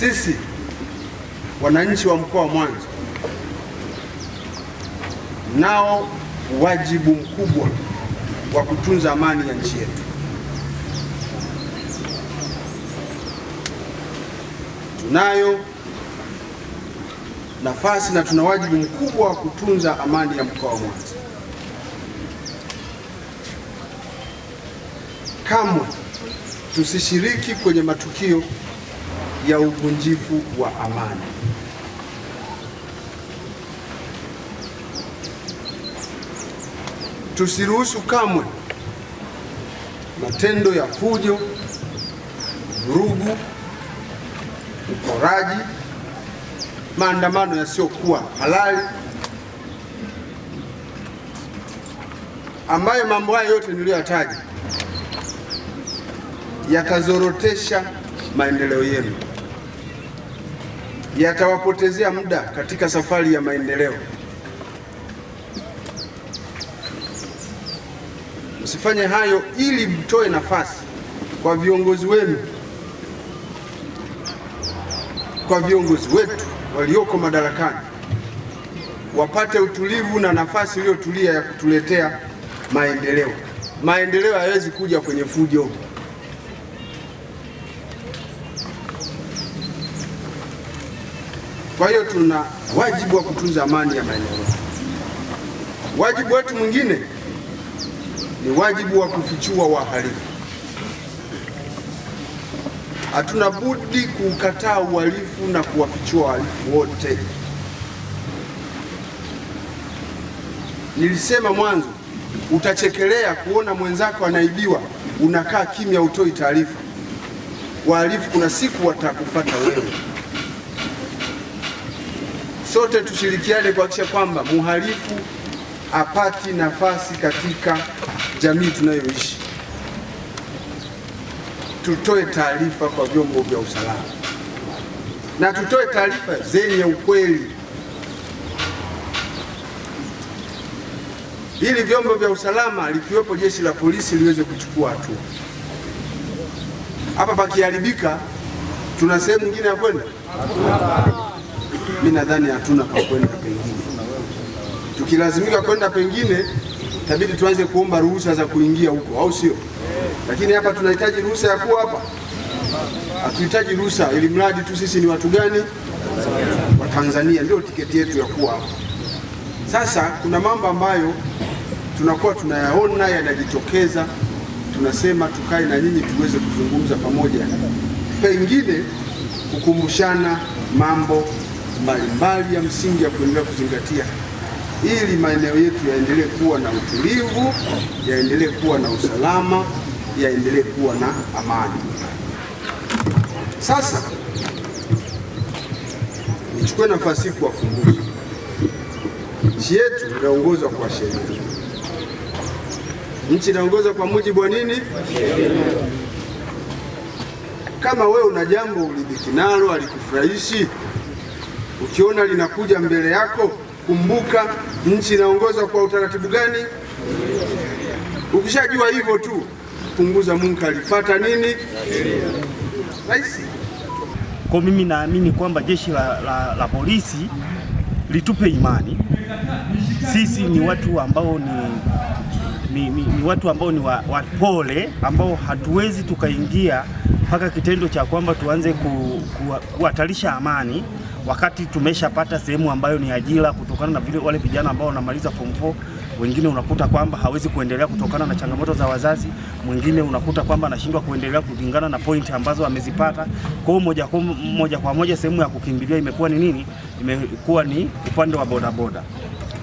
sisi wananchi wa mkoa wa Mwanza nao wajibu mkubwa wa kutunza amani ya nchi yetu. Tunayo nafasi na tuna wajibu mkubwa wa kutunza amani ya mkoa wa Mwanza. Kamwe tusishiriki kwenye matukio ya uvunjifu wa amani. Tusiruhusu kamwe matendo ya fujo, vurugu, uporaji, maandamano yasiyokuwa halali, ambayo mambo haya yote niliyoyataja yatazorotesha maendeleo yenu yatawapotezea muda katika safari ya maendeleo. Msifanye hayo ili mtoe nafasi kwa viongozi wenu, kwa viongozi wetu walioko madarakani wapate utulivu na nafasi iliyotulia ya kutuletea maendeleo. Maendeleo hayawezi kuja kwenye fujo. Kwa hiyo tuna wajibu wa kutunza amani ya maeneo yetu. Wajibu wetu mwingine ni wajibu wa kufichua wahalifu. Hatuna budi kuukataa uhalifu na kuwafichua wahalifu wote. Nilisema mwanzo, utachekelea kuona mwenzako anaibiwa, unakaa kimya, utoi taarifa. Wahalifu kuna siku watakufuata wewe sote tushirikiane kuhakikisha kwamba muhalifu apati nafasi katika jamii tunayoishi. Tutoe taarifa kwa vyombo vya usalama na tutoe taarifa zenye ukweli, ili vyombo vya usalama likiwepo jeshi la polisi liweze kuchukua hatua. Hapa pakiharibika, tuna sehemu nyingine ya kwenda mi nadhani hatuna pa kwenda pengine. Tukilazimika kwenda pengine, itabidi tuanze kuomba ruhusa za kuingia huko, au sio? Lakini hapa tunahitaji ruhusa ya kuwa hapa, hatuhitaji ruhusa, ili mradi tu sisi ni watu gani? wa tanzania ndio tiketi yetu ya kuwa hapa. Sasa kuna mambo ambayo tunakuwa tunayaona yanajitokeza, tunasema tukae na nyinyi tuweze kuzungumza pamoja, pengine kukumbushana mambo mbalimbali ya msingi ya kuendelea kuzingatia ili maeneo yetu yaendelee kuwa na utulivu, yaendelee kuwa na usalama, yaendelee kuwa na amani. Sasa nichukue nafasi hii kuwakumbusha, nchi yetu inaongozwa kwa sheria. Nchi inaongozwa kwa mujibu wa nini? Kama wewe una jambo ulidhiki nalo alikufurahishi Ukiona linakuja mbele yako, kumbuka nchi inaongozwa kwa utaratibu gani. Ukishajua hivyo tu, punguza munkari, fuata nini? Rahisi. Kwa mimi naamini kwamba jeshi la, la, la polisi litupe imani. Sisi ni watu ambao ni ni, ni, ni watu ambao ni wapole wa ambao hatuwezi tukaingia mpaka kitendo cha kwamba tuanze kuhatarisha ku, ku, amani wakati tumeshapata sehemu ambayo ni ajira kutokana na vile wale vijana ambao wanamaliza form 4 wengine unakuta kwamba hawezi kuendelea kutokana na changamoto za wazazi, mwingine unakuta kwamba anashindwa kuendelea kulingana na point ambazo amezipata. Kwa hiyo moja kwa moja kwa moja sehemu ya kukimbilia imekuwa ni nini? Imekuwa ni upande wa bodaboda.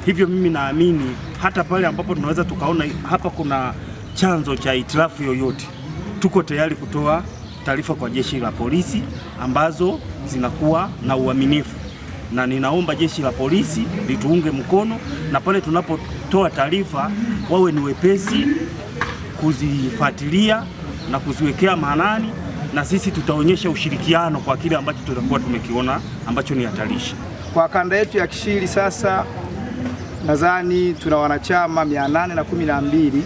Hivyo mimi naamini hata pale ambapo tunaweza tukaona hapa kuna chanzo cha itilafu yoyote, tuko tayari kutoa taarifa kwa jeshi la polisi ambazo zinakuwa na uaminifu, na ninaomba jeshi la polisi lituunge mkono, na pale tunapotoa taarifa wawe ni wepesi kuzifuatilia na kuziwekea maanani, na sisi tutaonyesha ushirikiano kwa kile ambacho tutakuwa tumekiona ambacho ni hatarishi kwa kanda yetu ya Kishiri. Sasa nadhani tuna wanachama mbili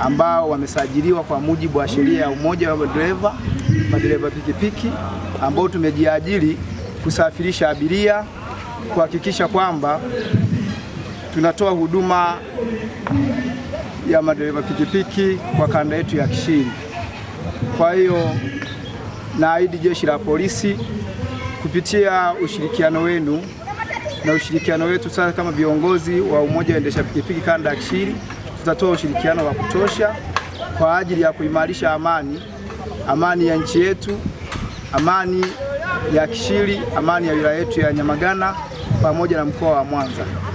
ambao wamesajiliwa kwa mujibu wa sheria ya umoja wa madereva madereva pikipiki ambao tumejiajiri kusafirisha abiria, kuhakikisha kwamba tunatoa huduma ya madereva pikipiki kwa kanda yetu ya Kishiri. Kwa hiyo naahidi jeshi la polisi kupitia ushirikiano wenu na ushirikiano wetu sasa kama viongozi wa umoja waendesha pikipiki kanda ya Kishiri, tutatoa ushirikiano wa kutosha kwa ajili ya kuimarisha amani amani ya nchi yetu, amani ya Kishiri, amani ya wilaya yetu ya Nyamagana pamoja na mkoa wa Mwanza.